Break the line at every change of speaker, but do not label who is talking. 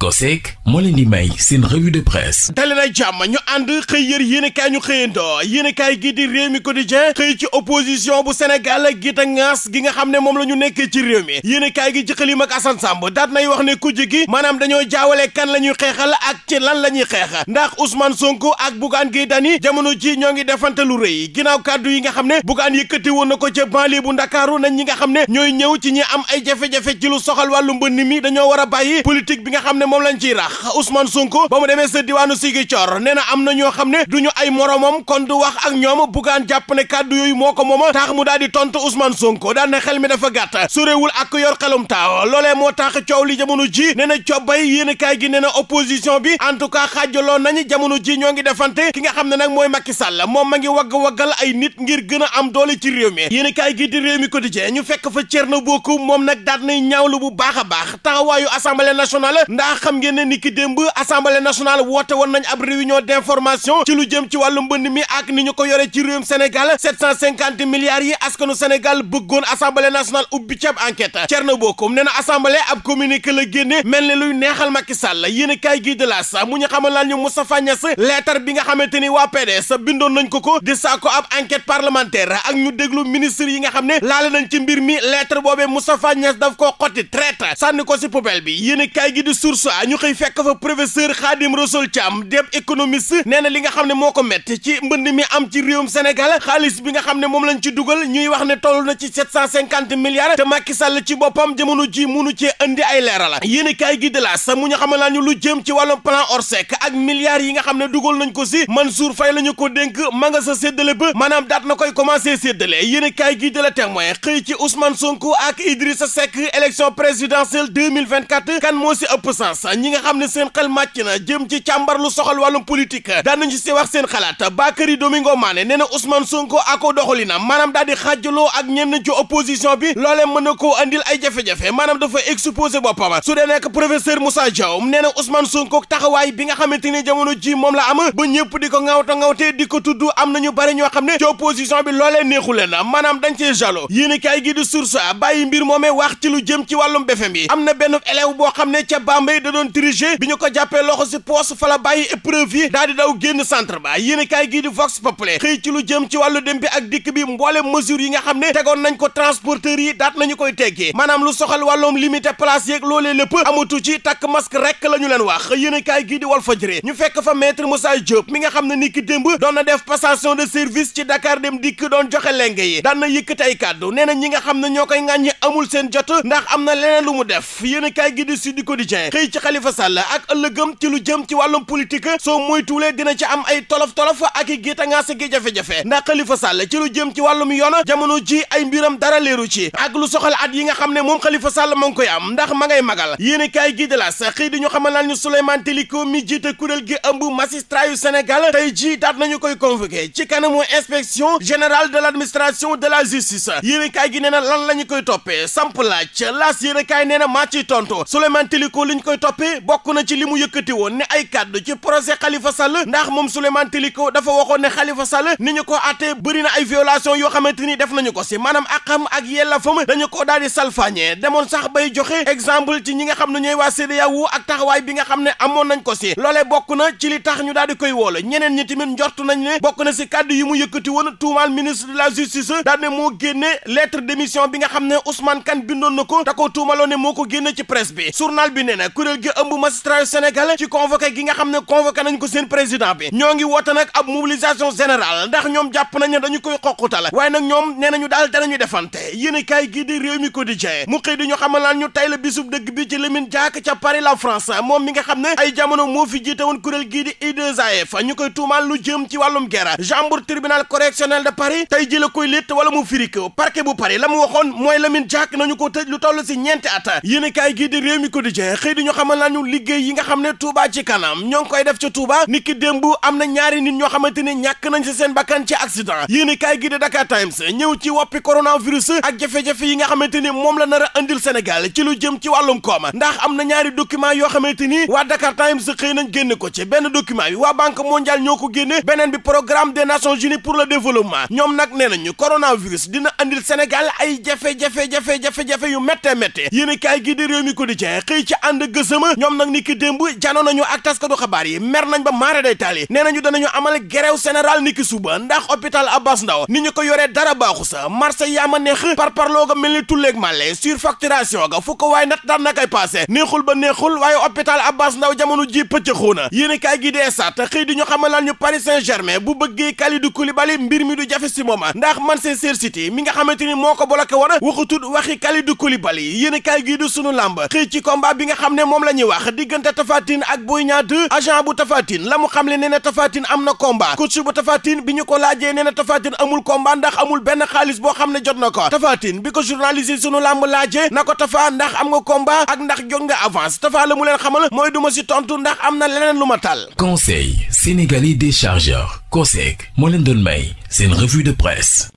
COSEC moo leen di may seen revue de presse dali na jàmm ñu ànd xëy yër yéenekaay ñu xëyandoo yéenekaay gi di Rewmi Quotidien xëy ci opposition bu Sénégal gi ta ŋaas gi nga xam ne moom la ñu nekk ci réew mi yéenekaay gi ci xëlim ak Assane Samb daat nay wax ne kujje gi maanaam dañoo jaawale kan la ñuy xeexal ak ci lan la ñuy xeex ndax Ousmane Sonko ak Bougane Gueye Dany jamono ji ñoo ngi defante lu rëy ginnaaw kàddu yi nga xam ne Bougane yëkkati woon na ko ca banlieue bu Ndakaaru nañ nga xam ne ñooy ñëw ci ñi am ay jafe-jafe lu soxal wàllu mbënn mi dañoo war a bi nga xam ne moom lañ ciy rax Ousmane Sonko ba mu demee sa diwaanu Ziguinchor nee na am na ñoo xam ne du ñu ay moromam kon du wax ak ñoom bugaan jàpp ne kàddu yooyu moo ko moom mooma tax mu daal di tontu Ousmane Sonko daal ne xel mi dafa gàtt sorewul ak yor xelum taaw loolee moo tax coow li jamono ji nee na cobbay yéen kaay gi nee na opposition bi en tout cas xaajaloo nañ jamono ji ñoo ngi defante ki nga xam ne nag mooy Macky Sall moom ma ngi wagg waggal ay nit ngir gën a am doole ci réew mi yéen mi quotidien ñu fekk fa Thierno Bocoum moom nag daal nay ñaawlu bu baax baax taxawaayu assemblée nationale ndax xam ngeen ne ni ki démb assemblée nationale woote woon nañ ab réunion d'information ci lu jëm ci wàllu mbënd mi ak ni ñu ko yore ci réewum Sénégal 750 milliards yi askanu Sénégal bëggoon assemblée nationale ubbi ci ab enquête Thierno Bocoum nee na assemblée ab communiqué la génne mel ne luy neexal Macky Sall yéen a kaay gii de la sa mu ñu xamal laan ñu Moustapha Niass leetar bi nga xamante ni waa sa bindoon nañ ko ko di saako ab enquête parlementaire ak ñu déglu ministre yi nga xam ne laale nañ ci mbir mi leetar boobee Moustapha Niass daf koo xotti traite sànni ko si poubelle bi yéen kaay gi di source a ñu xëy fekk fa professeur Khadim Rassoul Thiam deb économiste nee na li nga xam ne moo ko métt ci mbënd mi am ci réewum Sénégal xaalis bi nga xam ne moom lañ ci dugal ñuy wax ne toll na ci 750 milliards te Macky Sall ci boppam jamono ji munu cee indi ay leerala yéen kaay gi de la sa mu ñu xamal naa ñu lu jëm ci wàllum plan Orsec ak milliards yi nga xam ne dugal nañ ko si man Faye la ñu ko dénk ma nga sa séddale ba maanaam daat na koy commencé séddale yéen kaay gi de la témoin xëy ci Ousmane France ñi nga xam ne seen xel màcc na jëm ci càmbar lu soxal wàllum politique daan nañu si wax seen xalaat Bakary Domingo Mané nee na Ousmane Sonko ako doxalinam maanaam daal di xaajaloo ak ñenn ci opposition bi loolee mën na koo andil ay jafe-jafe maanaam dafa exposé boppam su dee nekk professeur Moussa Diaw nee na Ousmane Sonko taxawaay bi nga xamante ni jamono jii moom la ama ba ñëpp di ko ŋawta ŋawte di ko tudd am nañu bari ñoo xam ne ci opposition bi lool neexu leen maanaam dañ cee jalo yéen gi di bàyyi mbir moomee wax ci lu jëm ci wàllum BFM bi am na benn élève boo xam ne ca Bambey da doon tricher bi ñu ko jàppee loxo si poos fa la bàyyi épreuve yi daal di daw génn centre ba yéen gii di vox populi xëy ci lu jëm ci wàllu dem bi ak dikk bi mboole mesure yi nga xam ne tegoon nañ ko transporteurs yi daat nañu koy teggee maanaam lu soxal wàllum limité place yeeg loolee lépp amatu ci takk masque rek la leen wax yéen kaay gii di wal fajëre ñu fekk fa maître Moussa Diop mi nga xam ne ni ki démb doon na def passation de service ci Dakar dem dikk doon joxe lenge yi daan na yëkkati ay kàddu nee na ñi nga xam ne ñoo koy ŋàññi amul seen jot ndax na leneen lu mu def yéen kaay gii ci Khalifa Sall ak ëllëgëm ci lu jëm ci wàllum politique soo moytuwulee dina ci am ay tolof-tolof ak i gétangaas gi jafe-jafe ndax Khalifa Sall ci lu jëm ci wàllum yoon jamono ji ay mbiram dara leeru ci ak lu soxal at yi nga xam ne moom Khalifa Sall ma ngi koy am ndax ma ngay magal yéen kaay gi de la sax xëy di ñu xamal naan ñu Souleymane Teliko mi jiite kuréel gi ëmb magistrat yu Sénégal tey daat nañu koy convoqué ci kanamu inspection générale de l'administration de la justice yéen kaay gi nee na lan la ñu koy toppee bokk na ci li mu yëkkati woon ne ay kàddu ci procès Khalifa Sall ndax moom Souleymane Teliko dafa waxoon ne Khalifa Sall ni ñu ko àttee bëri na ay violation yoo xamante ni def nañu ko si maanaam àqam ak yelleefam dañu ko daal di salfaañee demoon sax bay joxe exemple ci ñi nga xam ne ñooy waa CEDEAO ak taxawaay bi nga xam ne amoon nañ ko si loolee bokk na ci li tax ñu daal di koy woole ñeneen ñi tamit njort nañ ne bokk na si kàddu yi mu yëkkati woon tuumaal ministre de la justice daal moo génne lettre d'émission bi nga xam ne Ousmane Kane bindoon na ko da ko tuumaloon moo ko génne ci presse bi journal bi na kuréel gi ëmb magistrat yu Sénégal gi nga xam ne convoqué nañ ko seen président bi ñoo ngi woote nag ab mobilisation générale ndax ñoom jàpp nañ dañu koy xoqutal waaye nag ñoom nee nañu daal danañu defante yéen kaay gii di réew mi quotidien mu xëy di ñu xamal ñu tey la bisub dëgg bi ci Lamine Diack ca Paris la France moom mi nga xam ne ay jamono moo fi jiite woon kuréel gii di IAAF ñu koy tuumaal lu jëm ci wàllum guerre jambour tribunal correctionnel de Paris tey xamal nañu liggéey yi nga xam ne Touba ci kanam ñoo ngi koy def ca Touba niki démb am na ñaari nit ñoo xamante ne ñàkk nañ si seen bakkan ci accident yéen i kaay gi de Dakar Times ñëw ci woppi coronavirus ak jafe-jafe yi nga xamante ni moom la nar a andil Sénégal ci lu jëm ci wàllum kooma ndax am na ñaari document yoo xamante ni waa Dakar Times xëy nañ génne ko ci benn document bi waa Banque mondiale ñoo ko génne beneen bi programme des Nations Unies pour le développement ñoom nag nee nañu coronavirus dina andil Sénégal ay jafe-jafe jafe yu métte métte yéen i kaay gi de réew mi ci ànd sama ñoom nag ni ki démb janoo nañu ak taskatu xabaar yi mer nañ ba maara day taali nee nañu danañu amal grève générale ni ki suba ndax hôpital Abass Ndao ni ñu ko yoree dara baaxu sa marché yaa ma neex par parloo ga mel ni tulleeg màlle surfacturation ga fu ko waaye nat daan na koy passé neexul ba neexul waaye opital Abass Ndao jamono ji pëccëxoo na yéen i kaay gi dee sat xëy di ñu xamalaan ñu Paris Saint-Germain bu bëggee Kalidou Koulibaly mbir mi du jafe si mooma ndax Manchester City mi nga xamante ni moo ko bloqué woon waxutut waxi Kalidou Koulibaly yéen i kaay gi du sunu làmb xëy bi nga xam ne moom la diggante Tapha Tine ak Boy Niang bu Tapha Tine la mu xamle nee na Tapha am na combat coach bi ñu ko laajee nee na Tapha Tine amul combat benn xaalis boo xam ne jot na ko Tapha bi ko journaliste yi sunu làmb laajee na ko ndax am nga combat ak ndax jot nga avance Tapha mu leen xamal mooy du ma si tontu ndax am na leneen lu ma tal. Conseil sénégalais des chargeurs COSEC moo leen doon may seen revue de presse.